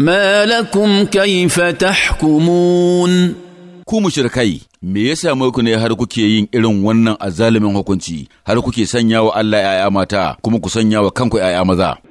ما لكم كيف تحكمون ku mushrikai me ya same ku ne har kuke yin irin wannan azzalumin hukunci har kuke sanya wa Allah ‘ya'ya mata kuma ku sanya wa kanku ‘ya'ya maza